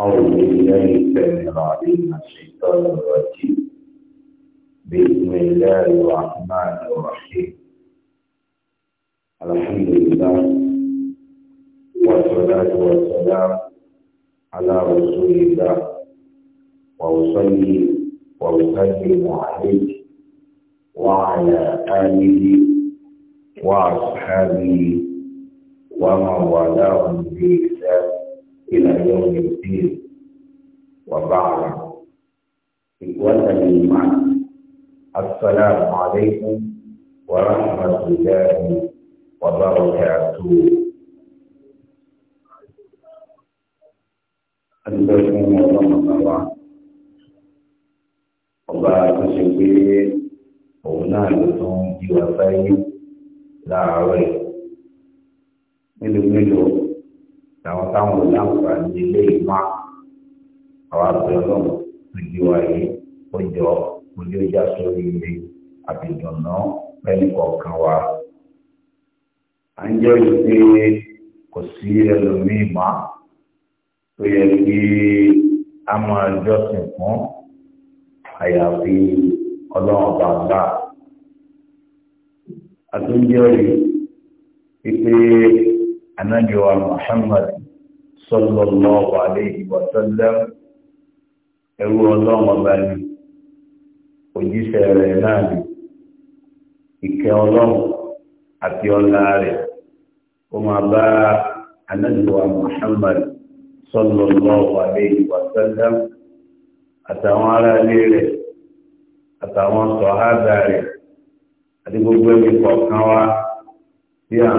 أعوذ بالله السميع العليم الشيطان الرجيم بسم الله الرحمن الرحيم الحمد لله والصلاة والسلام على رسول الله وأصلي وأسلم عليه وعلى آله وأصحابه ومن والاهم بإحسان إلى يوم الدين وبعد إخوة الإيمان السلام عليكم ورحمة الله وبركاته أنتم ورحمة الله وبركاته òun náà ló tó ń jí wa sáyé làwọn táwọn ò láǹfààní ilé ìmá àwọn àgbẹ̀ ọlọ́run tó jí wa yìí ó jọ ojú ìjà sórí ilé àbìdùnná lẹ́nu kọ̀ọ̀kan wa. à ń jẹ́ ìpè kò sí ẹlòmíì má tó yẹ kí a máa jọ́sìn fún àyàfi ọlọ́run bàbá. àtúnjẹ́ rí pé anájọ́ wa Muhammad sallallahu alayhi wa sallam ẹrú ọlọ́run ọba ni òjíṣẹ́ rẹ̀ náà ni ìkẹ́ ọlọ́run àti ọlá rẹ̀ ó máa bá anáàlúwa Muhammad sallallahu alayhi wa sallam àtàwọn aráalé rẹ̀ àtàwọn sọ̀hádà rẹ̀ àti gbogbo ẹni kọ̀ọ̀kan wa tí à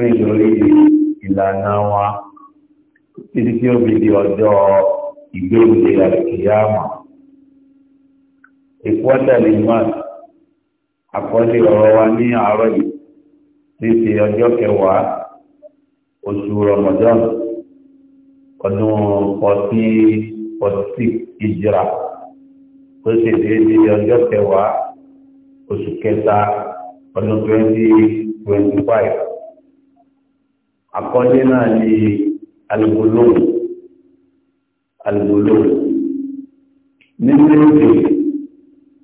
ń lórí ìlànà wa títí tí ó fi di ọjọ́ ìgbéǹde àkìyàmà. ìfọ́tẹ̀lì náà àkọlé ọ̀rọ̀ wa ní àárọ̀ yìí títí ọjọ́ kẹwàá oṣù Ramadan ọdún forty forty six ìjìrà ó sì déédé ọjọ́ kẹwàá oṣù kẹta ọdún twenty twenty five àkọlé náà ní alùgbòlóhùn alùgbòlóhùn nínú èdè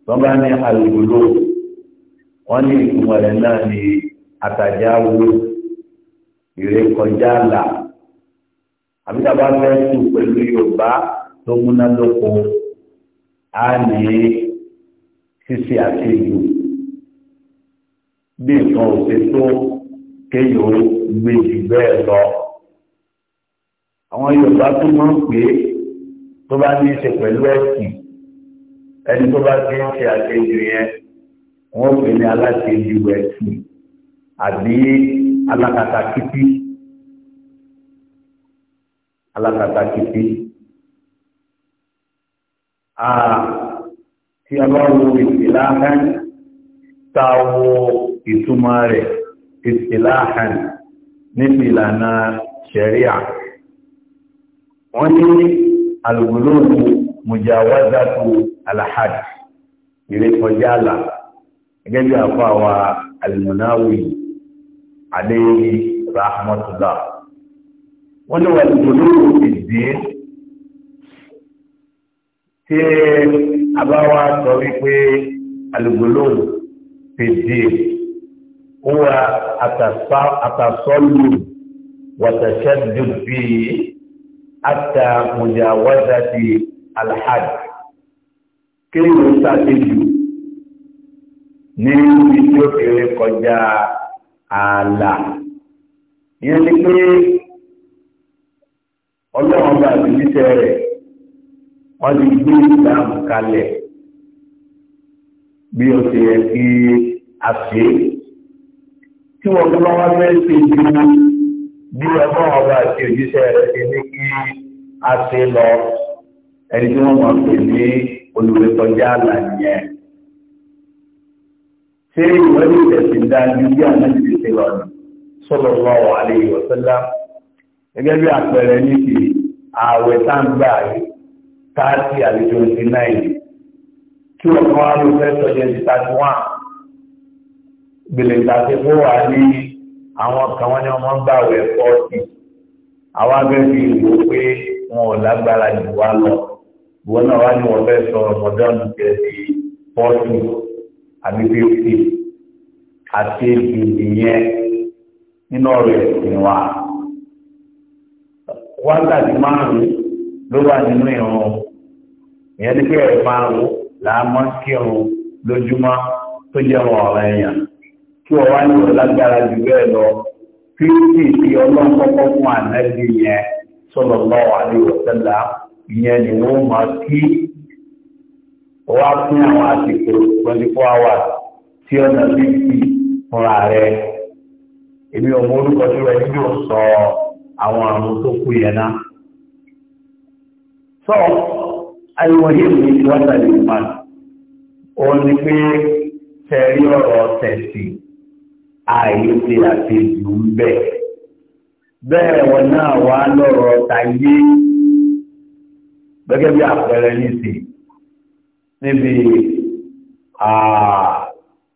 wọ́n bá ní alùgbòlóhùn wọ́n ní ìtumọ̀ rẹ̀ náà ní àtàjà wo ìrékọjá là àbíkà bá fẹ́ sùn pẹ̀lú Yorùbá tó múnádóko á ní ṣíṣe àṣejù bí nǹkan ò ṣe tó kéèyàn gbé jù lọ àwọn Yorùbá tó mọ̀ pé tó bá ní í ṣe pẹ̀lú ẹ̀sìn ẹni tó bá ti ń ṣe àṣejù yẹn wọ́n pè ní aláṣejù ẹ̀sìn àbí alákatakítí alákatakítí tí a bá wo ìsìláhàn ta wo ìtumọ̀ rẹ̀ ìsìláhàn níbi ìlànà ṣẹ̀ríà wọ́n ní alùgbòlóòrùn mùjàwádàtò alahadi ìrékọjá àlà gẹ́gẹ́ bí àpá àwa alìmọ̀náwì alayhi rahmatullah wọ́n ní alùgbòlóòrùn ìdí tí a bá wá sọ wípé alùgbòlóòrùn ìdí huwa àtàsọ́lù wàtàṣẹ́dùn àtà mùjàwádà ti alhad kéwòn sàtẹ́jù ní ibi tí ó kéré kọjá ààlà ìyẹn ni pé ọlọ́run bá àbíjíṣẹ́ rẹ̀ wọ́n ti gbé ìdáàmù kalẹ̀ bí o ti yẹ kí a ṣe tí wọ́n tó bá fẹ́ ṣe ju bí ọgbọ́n ọba àti òjíṣẹ́ rẹ̀ ṣe ní kí a ṣe lọ ẹni tí wọ́n mọ̀ pé ní olùwé kọjá àlà nìyẹn. ṣé ìwé ní ìtẹ̀sí dájú bí ànájú ti ṣe lọ nù sọ́dọ̀ wà wà lè yọ̀ sọ́dá gẹ́gẹ́ bí àpẹẹrẹ ní ti ààwẹ̀ táǹgbà tààtì àti twenty nine tí ọ̀kan wá ló ti thirty one gbèlè tàbí fún wa ní àwọn kan wọn ni wọn ń bá wẹ fọọsì àwọn abẹ́bí ìwò pé wọn ò lágbára jù wá lọ ìwọ náà wá ní wọn fẹ́ sọ ọmọdéwọn jẹ sí fọọsì àbí fífi àti ìdìbì yẹn nínú ọ̀rọ̀ ẹ̀sìn wa wákàtí márùn ló wà nínú ìrun ìyẹn ní pé ẹ̀ márùn làá mọ́ kírun lójúmọ́ tó jẹ́ wọn ọ̀rọ̀ ẹ̀yàn kí wọ́n wá ní ọlágbára jù bẹ́ẹ̀ lọ kí ó sì fi ọlọ́run kọ́kọ́ fún ànábì yẹn sallallahu alaihi wasallam ìyẹn ni wọ́n máa kí wá fún àwọn àsìkò twenty four hours tí ọ̀nà fífi fúnra rẹ̀ èmi ọmọ orúkọ tí wọ́n ẹni yóò sọ àwọn àrùn tó kú yẹn náà. sọ àìwọ̀n yìí ní ìwádìí àlè ìmọ̀ òun ni pé tẹ̀rí ọ̀rọ̀ tẹ̀sí ààyè ṣe àṣejù ń bẹ̀. Bẹ́ẹ̀ wọn náà wá lọ́rọ̀ tayé gẹ́gẹ́ bí àpẹẹrẹ nìsí níbi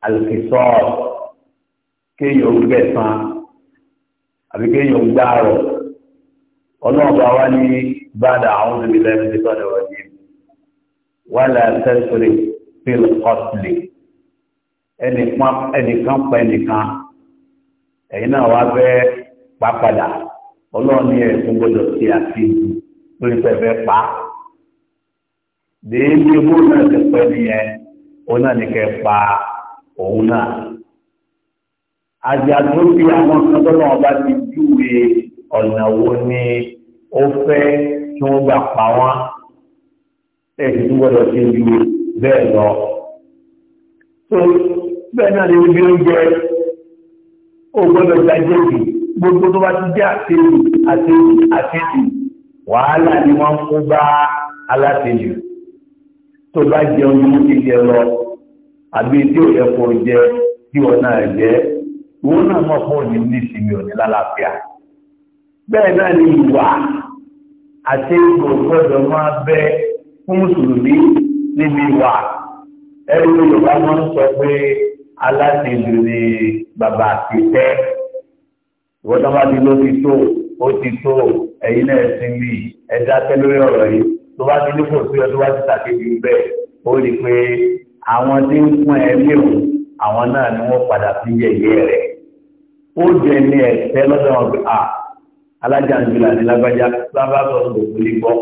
àlùfíṣọ́ kéèyàn gbẹ̀san àbí kéèyàn gbààrọ̀ ọlọ́ọ̀bá wá ní bàdà àwọn òbí lẹ́nu tí sọ́dọ̀ wọ́n yé wà látẹ́sọ̀rẹ̀ fíl kọ́tìlì ẹnìkan pa ẹnìkan ẹ̀yin náà wá fẹ́ pápadà ọlọ́run ní ẹ̀sùn gbọ́dọ̀ ṣe àti lórí pẹ̀fẹ́ pa déédéé bó náà ti pẹ́ nìyẹn ó náà ní kẹ́ pa òun náà àjà tó fi àwọn kan tó náà bá ti júwe ọ̀nà wo ni ó fẹ́ kí wọ́n gbà pa wọ́n ẹ̀sìn tó gbọ́dọ̀ ṣe ju bẹ́ẹ̀ lọ. tó bẹ́ẹ̀ náà ni ibi oúnjẹ ó gbọ́dọ̀ jàjẹ́jì gbogbo tó bá ti jẹ́ àtẹ́jì àtẹ́jì àtẹ́jì wàhálà ni wọ́n kó bá alátẹ́jù tó bá jẹun ní jíjẹ lọ àbí tí ò yẹ kó jẹ tí wọn náà jẹ wọn náà mọ̀ fún òní ní ìsinmi òní lálàáfíà bẹ́ẹ̀ náà ni ìwà àtẹ́jù ò máa bẹ fún mùsùlùmí níbi ìwà ẹ̀rù yorùbá máa ń sọ pé aláṣẹ ìlú ni bàbá àti tẹ́ ìwọ́n tó bá ti ló ti tó ó ti tó ẹ̀yin náà ti mi ẹ̀dá tẹ́ lórí ọ̀rọ̀ yìí tó bá ti ní kò sí ọ tó bá ti tàkejì bẹ́ẹ̀ ó rí i pé àwọn tí ń fún ẹ léwu àwọn náà ni wọ́n padà sí yẹ̀yẹ́ rẹ̀ ó jẹ ní ẹ̀tẹ́ lọ́dọ̀ wọn pé à alájà ń jùlọ ní lágbájá bábá sọ sọ kò lè gbọ́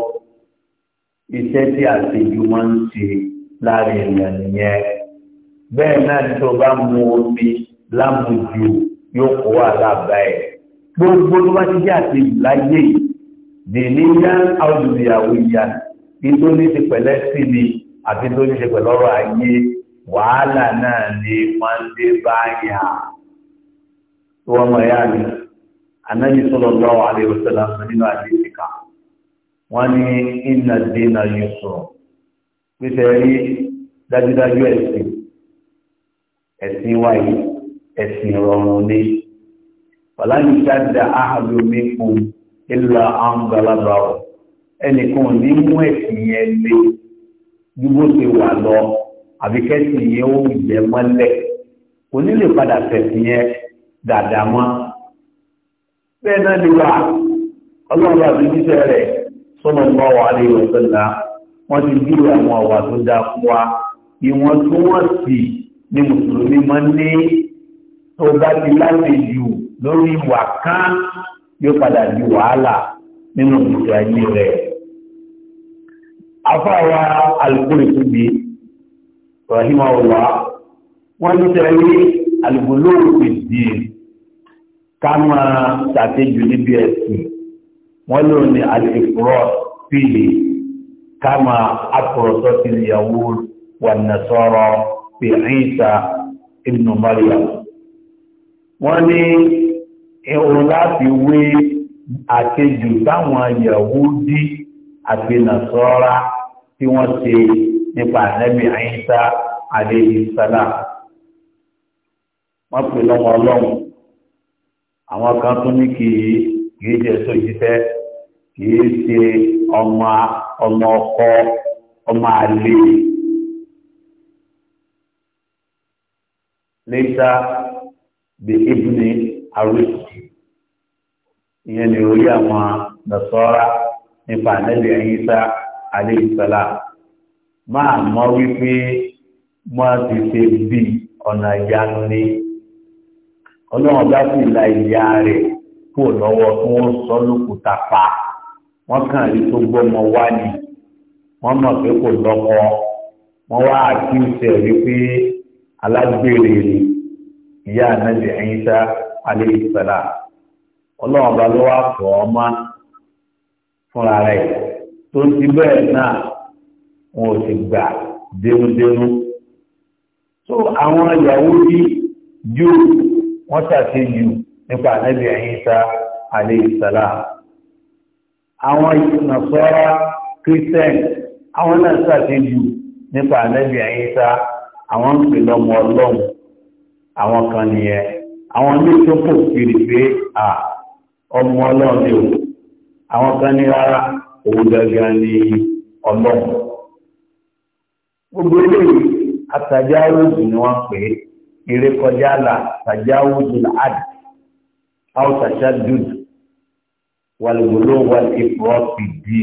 iṣẹ́ tí àṣejù máa ń ṣe láàrin ènìyàn nìyẹn bẹ́ẹ̀ náà ní tó bá mu omi lámùjù yóò kó wà lába ẹ̀ gbogbo tó bá ti jẹ́ àti láyé dèníyà àwùjọyàwó ìyá kí tó ní ti pẹ̀lẹ́ sí ni àti tó ní ti pẹ̀lẹ́ ọ̀rọ̀ ayé wàhálà náà ni wọ́n ń dé báyà tó wọ́n mọ̀ ẹ́ àná anáyí sọ́lọ́ lọ́wọ́ àlẹ́ òṣèlú nínú àdé ìka wọ́n ní ìnàdínà yusuf pípẹ́ rí dájúdájú ẹ̀sìn ẹ̀sìn wa yìí ẹ̀sìn rọrùn ni wàláyé jáde àhàbí omi kù ìlà àǹgbàlagbà ọ̀ ẹnìkan ní mú ẹ̀sìn yẹn lé bí bó ṣe wà lọ àbí kẹ́sìn yẹn ó yẹ mọ́lẹ̀ kò ní lè padà tẹ̀sìn yẹn dáadáa mọ́ bẹ́ẹ̀ náà ni wà ọlọ́run àti rẹ̀ sọ́nà ń bá lè wọ̀ sọ́nà wọ́n ti bí àwọn àwà tó dáa fún wa ìwọ̀n tí wọ́n sì ni mùsùlùmí máa ń ní tó bá ti láti jù lórí ìwà kan yóò padà di wàhálà nínú ìgbésí ayé rẹ̀. afáwa alukóre tóbi rahim ọlọ wọn ní tẹlẹ alùgbòlóòrò ìdí ká máa ṣàtẹjù níbi ẹsìn wọn lò ní alìfúrọ fìlì ká máa apọrọsọ sílẹ̀ yahoo wà nasọrọ bí Ìsá ibnu Maryam wọ́n ní ohun láti wé àkejù táwọn Yahudi àti Nasara tí wọ́n ṣe nípa ànábì Ìsá alayhi salam wọ́n pè lọ́wọ́ ọlọ́run àwọn kan tún ní kì í kì í jẹ́ sójíṣẹ́ kì í ṣe ọmọ ọmọ ọkọ ọmọ àlè later the evening arrest ihe ni orí àwọn nàṣọ́ra nípa ànábì Ìsá aléìsọ́lá máa mọ̀ wípé wọ́n ti ṣe bí ni ọlọ́run bá sì la ìyá rẹ̀ kó lọ́wọ́ tí wọ́n sọ lókùúta pa wọ́n kàn rí tó gbọ́mọ wá ni wọ́n alágbèrè ìyá ànábì Ìsá aléìsàlá ọlọ́run bá ló wá fọ́ ọ má fúnra rẹ̀ tó ti bẹ́ẹ̀ náà wọn ò sì gbà dénúdénú tó àwọn Yàhúdí jù wọ́n ṣàṣejù nípa ànábì Ìsá aléìsàlá àwọn Nasara kírísítẹ́nì àwọn náà ṣàṣejù nípa ànábì Ìsá àwọn ń pè lọ́mọ ọlọ́run àwọn kan nìyẹn àwọn ní tó kò kiri pé à ọmọ ọlọ́run ni o àwọn kan ní rárá òun gangan ni ọlọ́run gbogbo eléyìí àtàjáwòjì ni wọ́n pè é ìrékọjá là àtàjáwòjì là àdì àwòtàṣà dùdù wàlúwòló wàlúwòló fi dì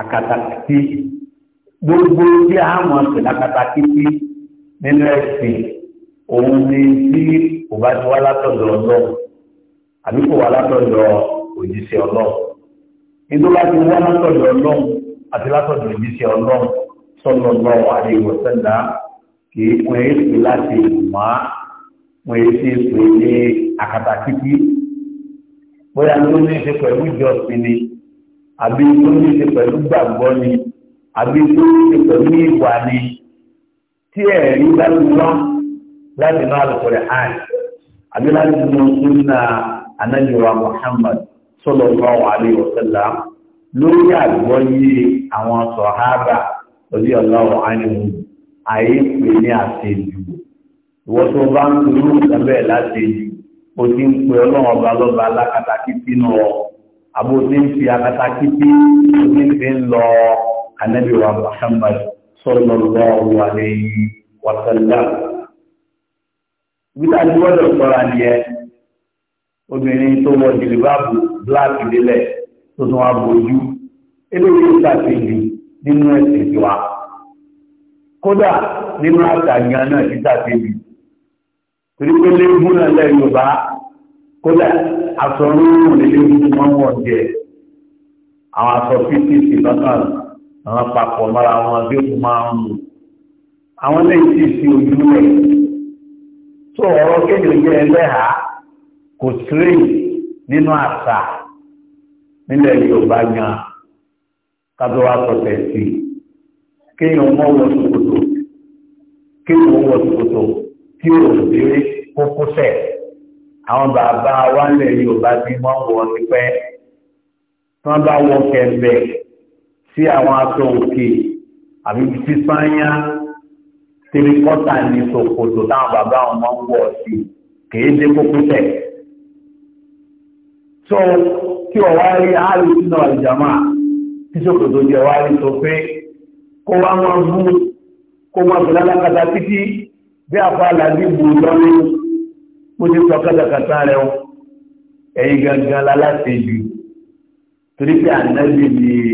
àkàtàkì gbogbo tí a mọ̀ sí lákàtà títí nínú ẹ̀sìn òun ni tí kò bá ti wá látọ̀dọ̀ ọlọ́run àbí kò wá látọ̀dọ̀ òjíṣẹ́ ọlọ́run nítorí wá ti wá látọ̀dọ̀ ọlọ́run àti látọ̀dọ̀ òjíṣẹ́ ọlọ́run sọ́nà ọlọ́run àdéhùn sẹ́dá kì í pín èsì láti mọ́ pín èsì pé ní àkàtà títí bóyá tó ní í ṣe pẹ̀lú ìjọsìn ni àbí tó ní í ṣe pẹ̀lú gbàgbọ́ ni àbí tó ṣe pẹ̀lú ìwà ni tí ẹ̀rí bá ti wá láti náà lọ́kọ̀ọ́rẹ́ hàn àbí láti mú súnà anájọra Muhammad sallallahu alaihi wasallam lórí àgbọ́yé àwọn sọ̀hábà lórí ọlọ́wọ́ ánìmù àìpé ní àṣejù ìwọ́n tó bá ń lórí ìtẹ́bẹ̀ẹ́ láṣejù ó ti ń pe ọlọ́wọ́ ọba lọ́ba alákatakítí náà àbó ti ń fi akatakítí ó ti ń fi ń lọ ọ́ ànábì wa Muhammad sallallahu alayhi wa sallam ibi tá a ti gbọ́dọ̀ sọ́ra nìyẹn obìnrin tó wọ jìlìbáàbù bíláàkì délẹ̀ tó tún wá bójú eléyìí ṣàfihàn nínú ẹ̀sìn tiwa kódà nínú àtàgbà náà ti ṣàfihàn torí pé léegun náà lẹ́yìn yorùbá kódà aṣọ rúrùn lélẹ́gùn tó máa ń wọ̀ jẹ àwọn aṣọ fífì sí lọ́sàn àwọn papọ̀ mọ́ra wọn bí kò máa ń mú àwọn lẹ́yìn tí fi ojú rẹ̀ tó ọ̀rọ̀ kéèyàn jẹ́ ẹlẹ́hà kò tírè nínú àṣà nílẹ̀ Yorùbá yan kájọ wa sọ̀tẹ̀ sí kéèyàn mọ́ wọ ṣòkòtò kéèyàn wọ ṣòkòtò tí ò déré kókósẹ̀ àwọn bàbá wa nílẹ̀ Yorùbá bí wọ́n wọ ní pẹ́ tí wọ́n bá wọ kẹ̀mbẹ́ sí àwọn aṣọ òkè àbí sísáyá tẹlifọ́tà ní ṣòkòtò táwọn bàbá wọn máa ń wọ̀ sí kèé dé kókó tẹ̀. tó kí wọ́n wá rí àárí sínú àjàmà tí ṣòkòtò jẹ́ wá rí sọ pé kó wá máa bú kó máa bẹ̀rẹ̀ alákatá títí bí àfa àlàbí bù lọ́nà ti sọ kátàkátà rẹ̀ o gangan la láti jù torí pé ànábì ni.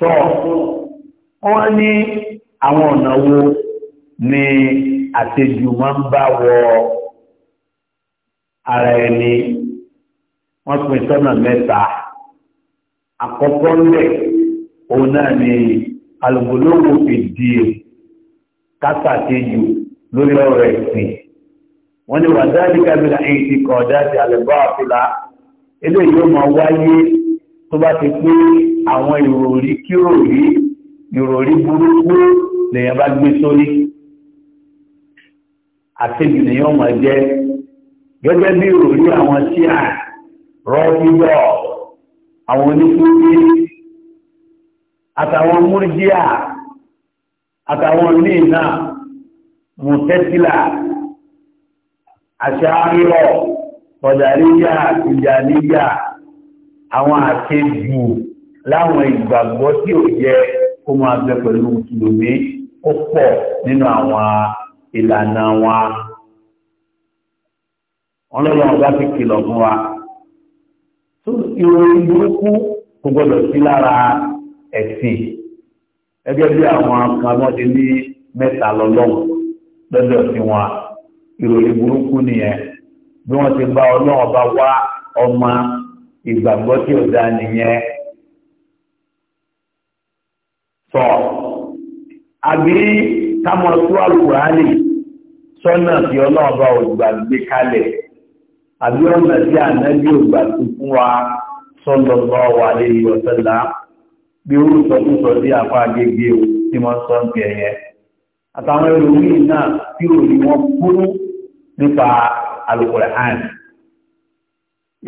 tọ́ wọ́n ní àwọn ọ̀nà wo ni àtẹjù máa ń bá wọ ara ẹni wọ́n pín sọ́nà mẹ́ta àkọ́kọ́ ńlẹ̀ òun náà ni alùgbòlówó fìdí kásàtẹjù lórí ọ̀rọ̀ ẹ̀sìn wọ́n ní wàdálíkà bí i láti kọ̀ọ̀dá sí àlùbọ́ àfìlà eléyìí ó máa wáyé tó bá ti pé àwọn ìròrí kíròrí ìròrí burúkú lèyàn bá gbé sórí àtẹ́jù ni yóò máa jẹ́ gẹ́gẹ́ bí ìròrí àwọn tí à rọ́bíyọ̀ àwọn onífúnbí àtàwọn múrjíà àtàwọn míì náà mùtẹ́sílà àṣà àárọ̀ ọ̀dàríyà ìjàníyà àwọn àṣejù láwọn ìgbàgbọ́ tí ò yẹ kó máa bẹ pẹ̀lú mùsùlùmí ó pọ̀ nínú àwọn ìlànà wa wọn lọ́wọ́ wọn bá fi kìlọ̀ fún wa tó ìròyìn burúkú kò gbọdọ̀ sí lára ẹ̀sìn gẹ́gẹ́ bí àwọn kan wọ́n ti ní mẹ́ta lọ́lọ́wọ́ lọ́dọ̀ sí wọn ìròyìn burúkú nìyẹn bí wọ́n ti bá ọlọ́wọ́ bá wá ọmọ ìgbàgbọ́ tí ò dáa nìyẹn tọ̀ àbí kámọ̀ tó àlùkùránì sọ́nà tí ọlọ́ọ̀bá ògbà gbé kalẹ̀ àbí ọ̀nà tí ànábì ògbà tó fún wa sallallahu alaihi wa sallam bí ó sọ fún sọ sí apá gègé o tí wọ́n sọ ń pè yẹn àtàwọn ẹlòmíì náà tí ò ní wọ́n kúrú nípa àlùkùránì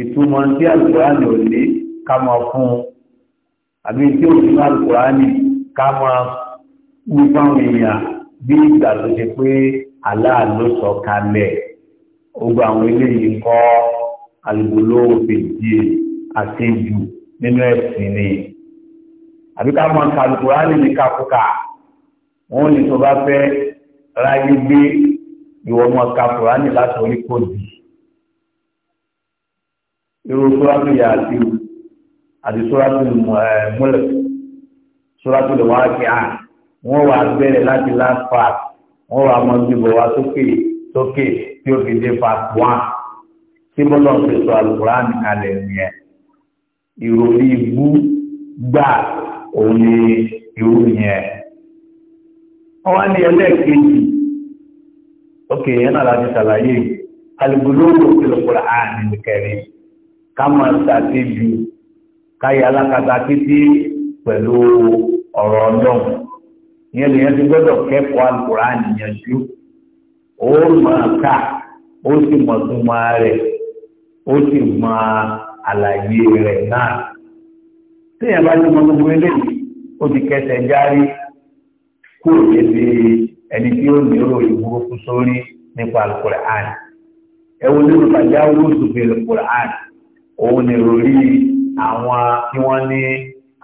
ìtumọ̀ tí alùkùránì ò lé ká máa fún un àbí tí ò fún alùkùránì ká máa wí fáwọn èèyàn bí ìgbà tó ṣe pé aláàlú sọ kalẹ̀ ogun àwọn eléyìí kọ́ alùgbòló òfèjì àtẹ́jù nínú ẹ̀sìn ni àbí ká máa ka alùkùránì ní kakúkà wọn ní tó bá fẹ́ ráyé gbé ìwọ̀n máa ka alùkùránì láti orí kò dì í irú sóràtù yà àti àti sóràtù múlẹ̀ sóràtù lè wá kí á wọ́n wà bẹ̀rẹ̀ láti last part wọ́n wà mọ́ ju bọ̀ wá sókè sókè tí ó fi dé part one tí mo lọ fi sọ alukuran kalẹ̀ yẹn ìròyìn ibú gbà òun ni irú yẹn. wọ́n ní ẹlẹ́ẹ̀kejì ókè yẹn náà láti ṣàlàyé alùpùpù ló ń lò sí lọ́kùnrin àná ká máa ṣàṣejù káyà alákatá títí pẹ̀lú ọ̀rọ̀ ọlọ́run ìyẹn lè yẹn ti gbọ́dọ̀ kẹ́kọ̀ọ́ Al-Qur'an níyànjú ó máa kà ó sì mọ̀ tó máa rẹ̀ ó sì máa àlàyé rẹ̀ náà téèyàn bá ti mọ gbogbo eléyìí ó ti kẹsẹ̀ járí kúrò lébi ẹni tí ó nírò ìwúrò fún sórí nípa Al-Qur'an ẹ wo nínú bàjá wúrò sùfèlè Al-Qur'an òun ni ròrí àwọn tí wọ́n ní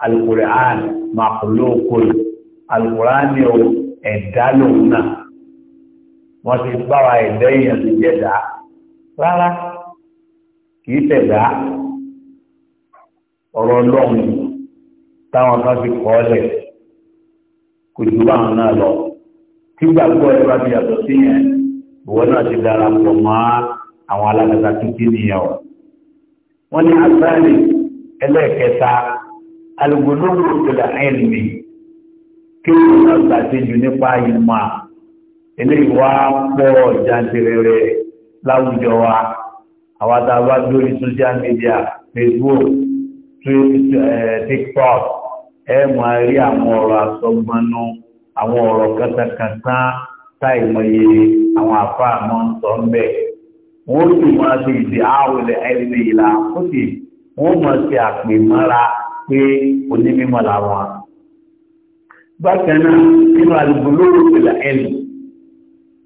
alukur'an makulokol alukur'an ni o ẹ̀dá lòun náà wọ́n ti bá wa ẹ̀dá èèyàn ti jẹ̀dá rárá kìí tẹ̀dá ọ̀rọ̀ ọlọ́run táwọn kan fi kọ́ lẹ̀ kò ju báwọn náà lọ kí gbàgbọ́ ẹ bá fi yàtọ̀ sí yẹn ìwọ náà ti darapọ̀ mọ́ àwọn alágbàtà tuntun nìyẹn o wọ́n ní asáàlì ẹlẹ́ẹ̀kẹta alùgbòlógbò ìpìlẹ̀ ẹ̀lì kí wọ́n náà gbàtẹ́jù nípa ìmọ̀ eléyìí wá pọ̀ jàǹtìrẹrẹ láwùjọ wa àwọn tá a bá dórí social media facebook eh, tiktok ẹ máa rí àwọn ọ̀rọ̀ àsọgbọnú àwọn ọ̀rọ̀ kàtàkàtà táìmọye àwọn àfáà mọ́ ń sọ ń bẹ́ẹ̀ wọ́n sì máa ṣe ìdí àwòlẹ̀ ẹni ìlà fúti wọ́n máa ṣe àpè mọ́ra pé onímọ̀ làwọn. bákan náà nínú àdúgbò lóòrò pẹ̀lú ẹni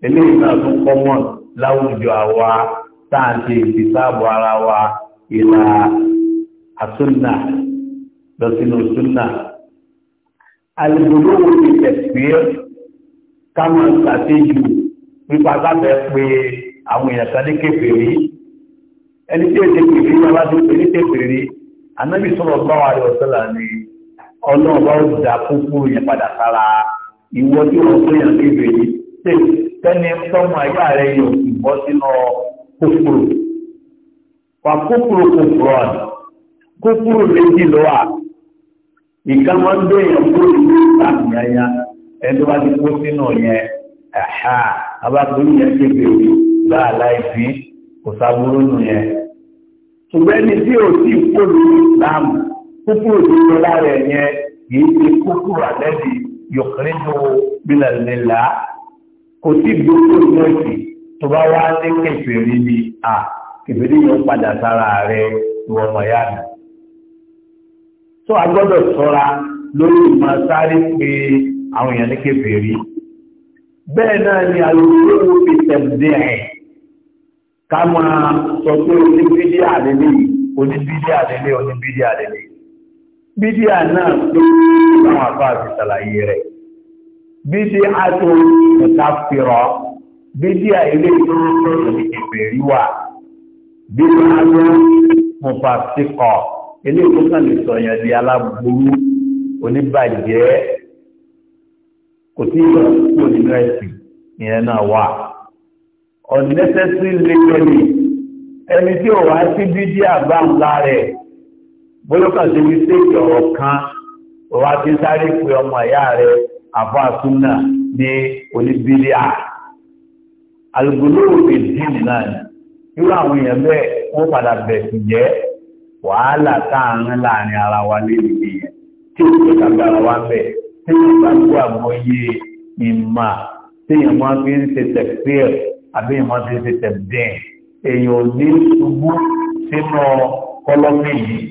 eléyìí náà tún kọ́mọ̀ láwùjọ àwa tá à ń ṣe ìfìsáàbọ̀ ara wa ìlà àsúnà lọ sínú súnà. àdúgbò lóòrò pẹ̀lú ẹ̀sìn ká máa pípa sábẹ́ pé. àwọn èèyàn kan ní kéferì ẹni tí èdè kéferì wọn bá pè ní kéferì anábì sọ̀rọ̀ bá wà lọ sọ́là ni ọlọ́run bá ó dà yẹn padà sára ìwọ tí wọn tó yàn kéferì tẹ́ni tọ́mọ ayá rẹ̀ yóò sì bọ́ sínú kókòrò wà kókòrò kókòrò kókòrò méjì láàláì sí kò sábúrú nìyẹn ṣùgbọ́n ní tí ò tí kóòlù islam kúkúrò tó lọ lára ẹ̀ yẹn kìí ṣe kúkúrò àlẹ́bí yọ̀kẹ́rẹ́dọ̀ bílẹ̀lẹ́lá kò tí gbogbo ìmọ̀ọ̀sì tó bá wá ní kẹfìrí ni à kẹfìrí yóò padà sára rẹ ìwọ ọmọ ìyá mi. tó a gbọ́dọ̀ sọ́ra lórí ìmọ̀ sáré pé àwọn èèyàn ní kẹfìrí bẹ́ẹ̀ náà ni àlùkò ìwé tẹ̀lé ẹ̀ káwọn sọ pé oníbídí àlélé oníbídí àlélé oníbídí àlélé bídí náà ló láwọn àfáàfi ṣàlàyé rẹ̀ bídí àtò ìtàfihàn bídí àìlé tó ń sọ̀rọ̀ ní ìbèrí wà bídí àtò mọ̀fàṣíkọ̀ eléyìí tó kàn lè sọ yẹn di aláburú oníbàjẹ́ kò tí ì lọ sí onírẹ́sì ìyẹn náà wà unnecessary legally ẹni tí ò wá sí bídí àbá ńlá rẹ̀ bólókàn sí mistake ọ̀rọ̀ kan wá ti sáré pé ọmọ ìyá rẹ̀ àbá súnà ní oníbílíà alùgbòlówó fi dín náà irú àwọn èèyàn bẹ́ẹ̀ wọ́n padà bẹ̀sì jẹ́ wàhálà táàrin láàrin ara wa lélẹ̀ yẹn tí ó ti kàgbára wa bẹ̀ tí wọ́n bá gbọ́ àgbọ́yé ìmà tí èèyàn máa fi ń ṣe tẹ̀síẹ̀ àbí ìmọ̀ ti ṣe tẹ̀bẹ̀ èèyàn ní ṣubú sínú kọlọ́mì yìí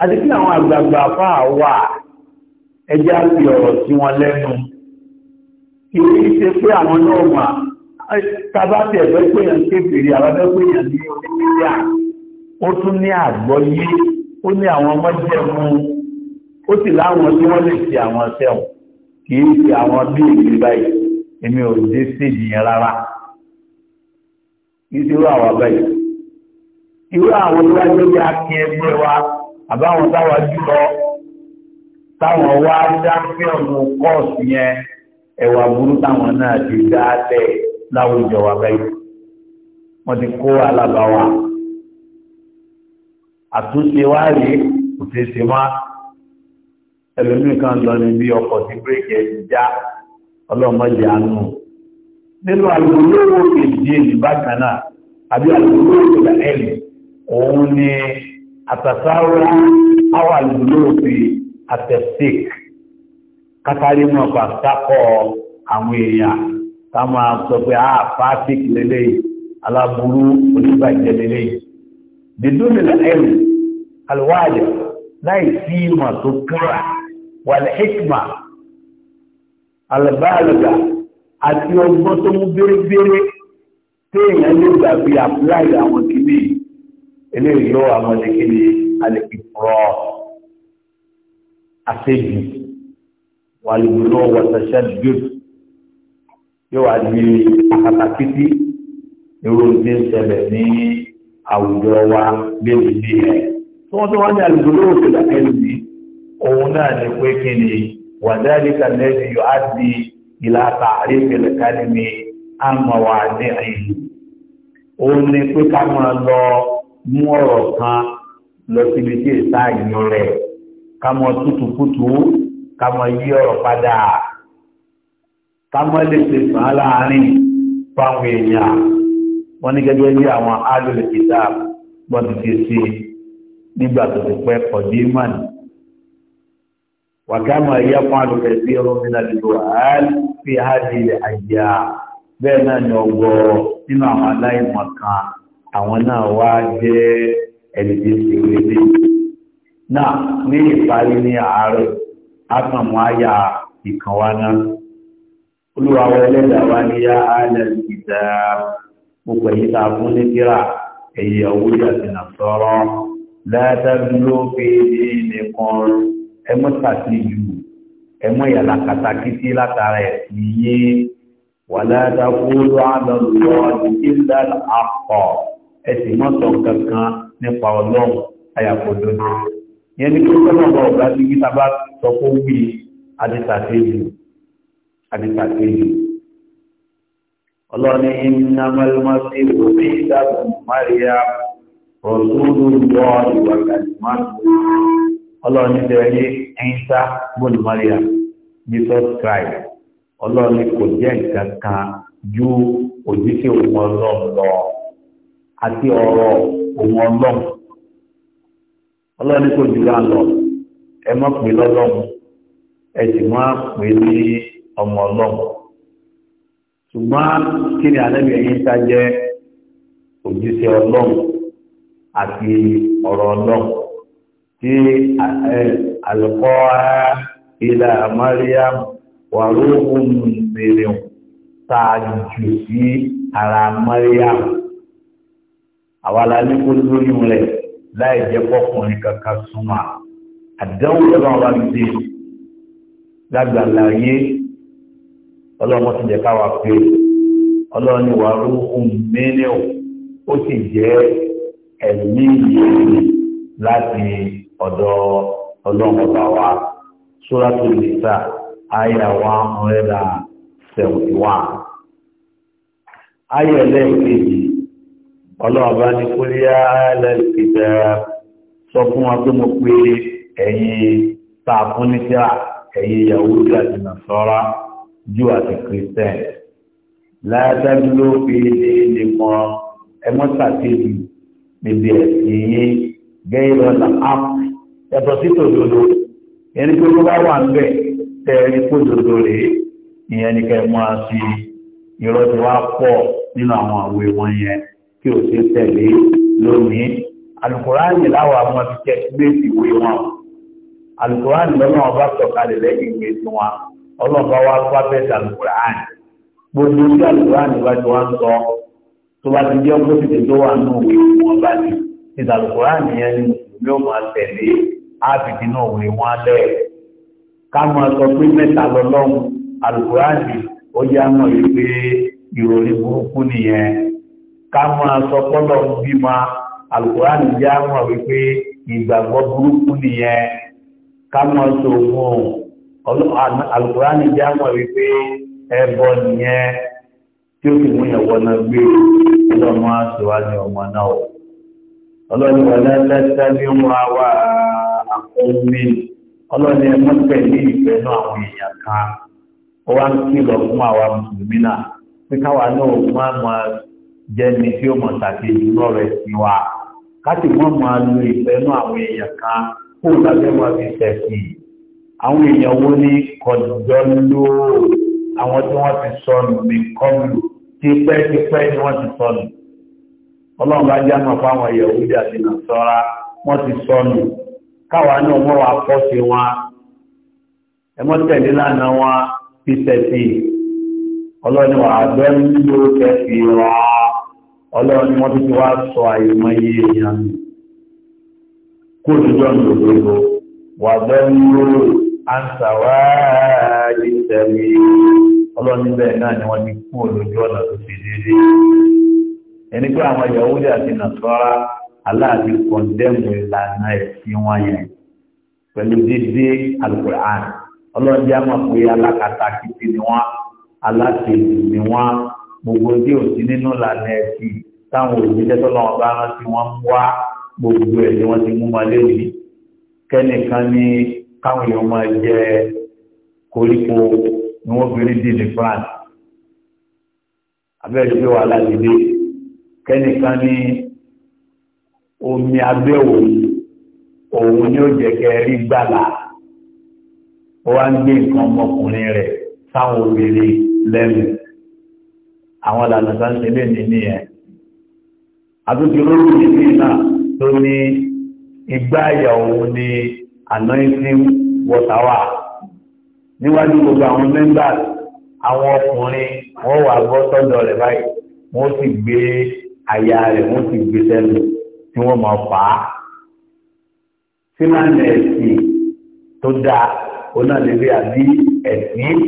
àti kí àwọn àgbààgbà fáà wà ẹjẹ́ àti ọ̀rọ̀ sí wọn lẹ́nu kì í ṣe pé àwọn náà mà tàbátì ẹ̀fẹ́ péyàn kéfèrè àbábẹ́ péyàn ní onígbèjà ó tún ní àgbọ́yé ó ní àwọn ọmọ jẹun ó sì láwọn tí wọ́n lè ṣe àwọn ṣẹ́wọ̀n kì í ṣe àwọn bí ìgbé báyìí èmi ò dé stage yẹn rárá irú àwọn abẹ́yẹ irú àwọn tó wá jẹ́ bí akin ẹgbẹ́ wa àbáwọn táwa jùlọ táwọn wá dáfíọ̀nù kọ́ọ̀sì yẹn ẹ̀wà burú táwọn náà ti dáálẹ̀ láwùjọ wa bẹ́yẹ wọ́n ti kó alábàáwá àtúnṣe wá rí kò tẹ̀sí mọ́ lọ ní bí ọkọ̀ tí bírèkì ẹ̀ ti já ọlọ́mọdé àánú nínú àlùmọ́lówó èdè ìbákan náà àbí àlùmọ́lówó ìgbà ẹ̀lì òun ni àtàsáwọ́ àwọn àlùmọ́lówó fi àtẹ̀sík kátàrí mọ́ pàtàkọ́ àwọn èèyàn ká máa sọ pé a fásik lélẹ̀ aláburú oníbàjẹ́ lélẹ̀ bìdúnìlà ẹ̀lì alwáyà láì sí ìmọ̀ tó kíra wàlẹ̀ hikma àlùbáàlùbà àti ọgbọ́n tó mú bérebére téèyàn lè gbà bí àpúláì àwọn kìíní eléyìí yóò àwọn ìdíkìíní alẹ́kìpọ̀ àṣejù wàlúùlù wọ̀ṣẹ̀ṣẹ̀ dùn yóò wá di àkàtàkìtì irú tí ń ní àwùjọ wa lẹ́yìn ní ẹ̀ tí wọ́n tó wá ní àlùbáàlùbà òṣèlú ẹ̀rù òun náà ní pé kí ni. وذلك الذي يؤدي إلى تعريف الكلمة عن مواضعه ومن ni pé ká máa lọ mú ọ̀rọ̀ kan lọ síbi tí èsà ìyàn rẹ̀ ká mọ tútùkútù ká mọ yí ọ̀rọ̀ padà ká mọ lè ṣe sàn án fáwọn èèyàn wọ́n ní gẹ́gẹ́ bí àwọn alòlùkìtà gbọ́dọ̀ ti ṣe nígbà tó ti pẹ́ kọ̀dí mọ́ni وكما يفعل كثير من الدعاء في هذه الايام بين نوغو nínú àwọn aláìmọ̀kan àwọn náà wá jẹ́ ẹni tí ṣe wílé náà ní ìparí ní àárọ̀ ápàmù àyà ìkan wa náà olúwàwọ̀ ẹlẹ́dàwà ní yá alẹ́ ìdá gbogbo èyí tá fún ní kíra ẹ̀yẹ̀ owó yàtì nà sọ́rọ̀ ló fi ní nìkan ẹ mọ́ sàtìjú ẹ mọ́ yàrá kàtàkìtì látara ẹ̀ sí yé wàládà kúrò àlọ́lọ́ ìlà àpọ̀ ẹ sì mọ́ sọ kankan nípa ọlọ́run àyàfòdodo yẹn ni pé sọ́nà ọ̀gá ọ̀gá tí gíta bá sọ pé ó wí adìsàtẹ́jù adìsàtẹ́jù ọlọ́ni ìnàmọ́lọ́mọ́sí òbí ìdàgbọ̀n Maria rọ̀súlù lọ́ọ̀ ìwàkàtí máa ọlọ́run ní tẹ́rẹ ní ẹ̀ńsá bọ́ọ̀lù maria jesus christ ọlọ́run ní kò jẹ́ nǹkan kan ju òjíṣẹ́ òun ọlọ́run lọ àti ọ̀rọ̀ òun ọlọ́run ọlọ́run ní kò jù bá lọ ẹ mọ̀ pé lọ́lọ́run ẹ sì máa pè ní ọmọ ọlọ́run ṣùgbọ́n kí ni àlẹ́bí ẹ̀yìn jẹ́ òjíṣẹ́ ọlọ́run àti ọ̀rọ̀ ọlọ́run tí àlùkọ́ ara ilẹ̀ Mariam wà lóhùn mìíràn tààjù sí ara Mariam àwàlá ní kó lóyún rẹ̀ láì jẹ́ pọ́kùnrin kankan súnmọ́ àdánwò lọ́wọ́ wa ń dé lágbàlá ti jẹ́ káwa pé ọlọ́ni wà lóhùn mìíràn ó sì jẹ́ ẹ̀mí yìí láti ọ̀dọ̀ ọlọ́mọba wa ṣúrátù nìsà àyà one hundred and seventy one. àyà ẹlẹ́ẹ̀kejì ọlọ́mọba ní kúlíà lẹ́ẹ̀kejì sọ fún wa pé mo pé ẹ̀yin tá a fún níṣẹ́ ẹ̀yin ìyàwó àti nàṣọ́ra jù àti kìrìsìtẹ́nì láyájájú ló fi ní ní ẹmọ́sàtìlì níbi ẹ̀sìn yín gẹ́rọ làápù yàtọ̀ sí tòdodo ẹni pé ló bá wà ń bẹ̀ tẹ ẹni pé òdodo rèé ìyẹn ni kẹ́ mú a sí irọ́ tí wàá pọ̀ nínú àwọn àwẹ̀ wọn yẹn kí o ṣe tẹ̀lé lónìí alukóraani láwọn àwọn ti kẹ́ gbé ìwé wọn alukóraani lọ́nà ọba sọ̀kalẹ̀ lẹ́yìn ìwé tiwọn ọlọ́ba wa kó abẹ́ta alukóraani gbogbo tí alukóraani bá ti wá ń sọ tó bá ti jẹ́ kó tó wà nù ìwé wọn bá ti ìdàlùkóraani yẹn ni mùsùlùmí ò máa tẹ̀lé ábìdì náà wé wọn lẹ̀ ká máa sọ pé mẹ́ta lọ́lọ́run alukurani ó yá mọ̀ yìí pé ìròyìn burúkú nìyẹn ká máa sọ pọ́lọ̀ bímọ alukurani yá mọ̀ wípé ìgbàgbọ́ burúkú nìyẹn ká máa sọ ògùn alukurani yá mọ̀ wípé ẹbọ nìyẹn tí ó sì mú ìyàwó náà gbé ọlọ́run á sọ wá ní ọmọ náà ọlọ́run wọlé lẹ́sẹ̀ ní wọn wá omi ọlọ́ni ẹmọ́ pẹ̀lú ìfẹ́nú àwọn èèyàn kan ó wá ń kìlọ̀ fún àwa mùsùlùmí náà pé káwa náà má máa jẹ́ni tí ó mọ̀ ṣàkejì náà rẹ̀ sí wa káti mọ́ máa lo ìfẹ́nú àwọn èèyàn kan kó lábẹ́ wa fi tẹ̀sí àwọn èèyàn wo ní kọjọ́ ló àwọn tí wọ́n ti sọnù ní kọlù tipẹ́tipẹ́ ni wọ́n ti sọnù ọlọ́run bá jámọ̀ fáwọn Yahudi àti Nasara wọ́n ti sọnù káwa náà mọ́ wa kọ́ sí wọn ẹmọ́ tẹ̀lé lánàá wọn fi tẹ̀sí ọlọ́ni wà àgbẹ́ nílò tẹ̀sí wa ọlọ́ni wọ́n ti wá sọ àìmọ́ iye èèyàn kó òjòjọ́ ní òdodo wà bẹ́ nílò àǹsàwá ìtẹ̀lé ọlọ́ni bẹ́ẹ̀ náà ni wọ́n ti kú òjòjọ́ ọ̀nà tó fi dédé ẹni pé àwọn Yahudi àti Nasara aláàbí kọ̀ndẹ́mù ìlànà ẹ̀sìn wọn yẹn pẹ̀lú dídé alukur'an ọlọ́jà mọ̀ pé alákatakítí ni wọ́n aláṣejù ni wọ́n gbogbo tí ò sí nínú ìlànà ẹ̀sìn táwọn òṣìṣẹ́ tó lọ́wọ́ bá rán sí wọ́n wá gbogbo ẹ̀ ni wọ́n ti mú wọn léwu kẹ́nìkan ní káwọn èèyàn máa jẹ koríko ni wọ́n fi rí dì ní France abẹ́rẹ́ gbé wàhálà dìde kẹ́nìkan ní omi abẹ́wò òun ni ó jẹ́ kẹ́ rí gbàlà ó wá ń gbé nǹkan ọmọkùnrin rẹ̀ sáwọn obìnrin lẹ́nu àwọn ìlànà ń ṣe lè ní nìyẹn olóògùn ìdí náà tó ní igbá àyà òun ni anointing water wà níwájú gbogbo àwọn members àwọn ọkùnrin wọ́n wà bọ́ sọ́dọ̀ rẹ̀ báyìí wọ́n sì gbé àyà rẹ̀ wọ́n sì gbé sẹ́nu tí wọ́n mọ̀ fà á sílànà ẹ̀sìn tó dáa onáàlérí àbí ẹ̀sìn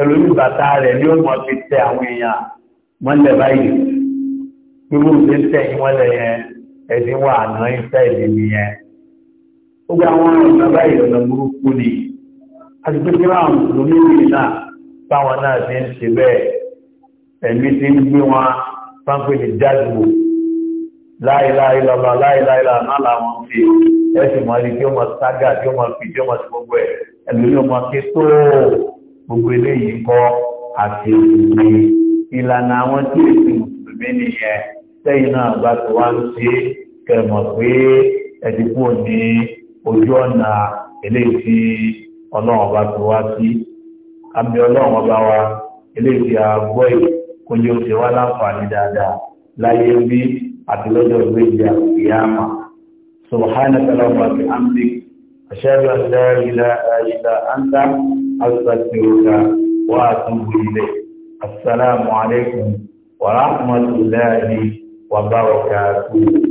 ẹlòmí bàtà rẹ̀ ni ó mọ̀ fi tẹ àwọn èèyàn mọ́lẹ̀ báyìí gbogbo ìgbé ń tẹ̀yìn mọ́lẹ̀ yẹn ẹ̀sìn wà àná ìfẹ́ ìlú nìyẹn ó gba àwọn ọ̀nà báyìí ọ̀nà burúkú ni àti pé kí wọ́n lómi ìrìn náà báwọn náà ti ń ṣe bẹ́ẹ̀ ẹ̀mí ti ń gbé wọn fáńpẹ́ ní dáàbò láìláìlọ́lọ́ láìláìlọ́ aláwọn fi ẹ̀sùn mọ́ rí kí ó mọ̀ sága kí ó mọ̀ fi kí ó mọ̀ sí gbogbo ẹ̀ ẹ̀lú yóò mọ̀ kí tó gbogbo eléyìí kọ́ àti ìsinmi ìlànà àwọn tí èsì mùsùlùmí nìyẹn sẹ́yìn náà bá ti wá ń ṣe kẹmọ̀ pé àti lọ́jọ́ ìwé ìyá ìyáàmà subhanaka wa bihamdik ashhadu an la ilaha illa anta astaghfiruka wa atubu ilayk assalamu alaikum wa rahmatullahi wa barakatuh